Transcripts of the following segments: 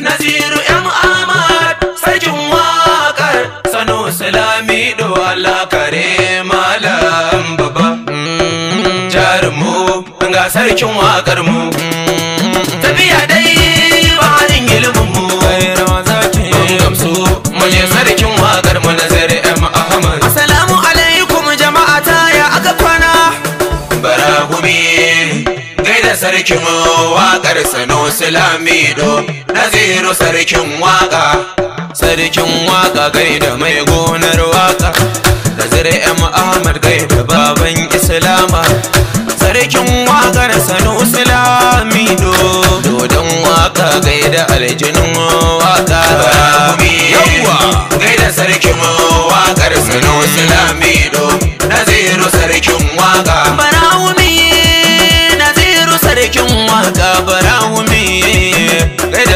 naziru yan ahmad sarkin wakar sano salami do kare malam baba mm, jarumu ga sarkin waƙar mu mm, tafiya dai ba baharin ilimin mu mun gamsu mu je sarkin waƙar mu na Zari yan ahmad assalamu alaikum jama'a ta ya aka kwana bara gumi da sarkin waƙar sanusi silamido naziru sarkin waƙa sarkin waƙa gai da mai gonar waƙa da zira ahmad gai da baban islama sarkin waƙar sano silamido dodon waƙa gai da aljinin waƙa yawwa gai da sarkin waƙar sano silamido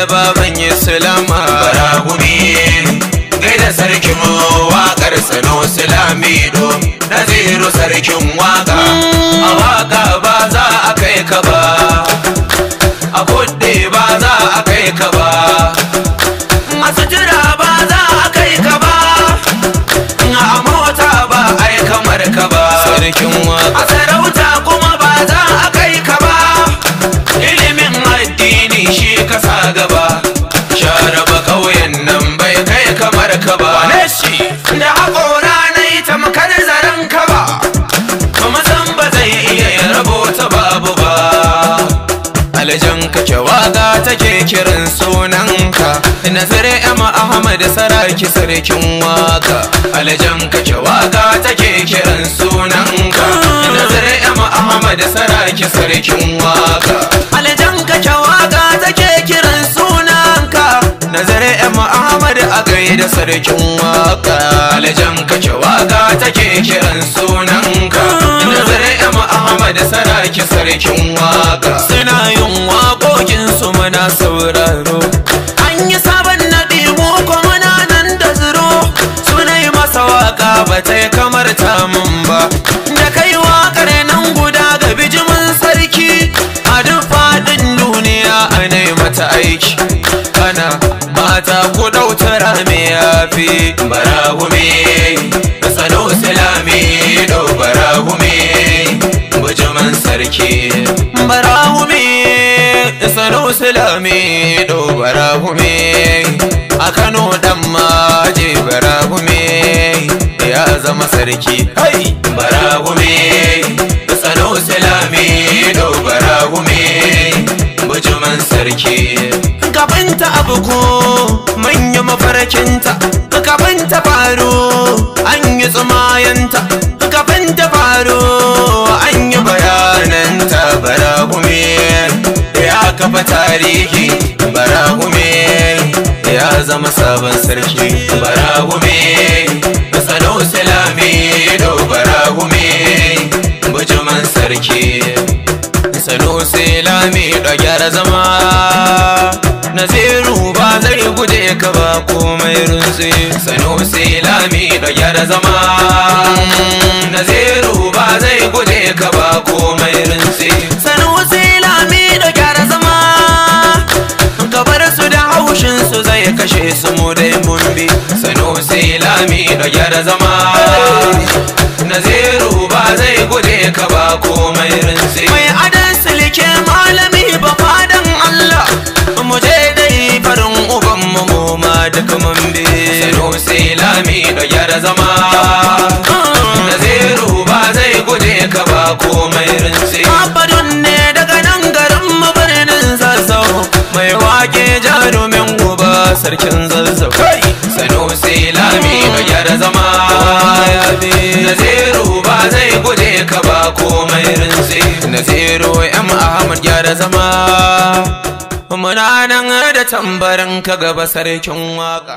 da baban ya salama baragumi gaida sarkin wakar sano na naziru sarkin waka a ka ba wane shi da haƙora na yi tamkar zaren ka ba kuma zan ba zai iya yin rabota babu ba aljan ka kewaga take kiran sunan ka nazar yama ahmad saraki sarkin waka aljan ka kewaga take kiran sunan ka nazar yama ahmad saraki sarkin waka kai da sarkin waka lajan ce waka take kiran sunanka da zuri'am ahmad saraki sarkin waka suna yin waƙoƙinsu su muna sauraro fi barahume da sano islami do barahume bujuman sarki barahume da sano islami do barahume a kano dan maje barahume ya zama sarki hey! farke gabanta abu ko manya mafarkinta gabanta faro an yi tsumayanta gabanta faro an yi bayananta baragume ya kafa tarihi baragume ya zama sabon sarki baragume salau salami do baragume bujuman sarki sanusi da ɗagyar zama naziru ba zai guje ka ba komai runsi sanusi da ɗagyar zama naziru ba zai guje ka ba komai runsi sanusi da ɗagyar zama ka su da haushin su zai kashe su mu dai mun bi sanusi da ɗagyar zama naziru ba zai guje ka ba komai rinse ke malami ba fadan Allah mu je dai farin uban mu goma duk mun bi sai lami da gyara zama naziru ba zai guje ka ba komai rinse abadun ne daga nan garin mu birnin zazzau mai wake jarumin guba sarkin zazzau zama muna nan da tambarin ka gaba sarkin waka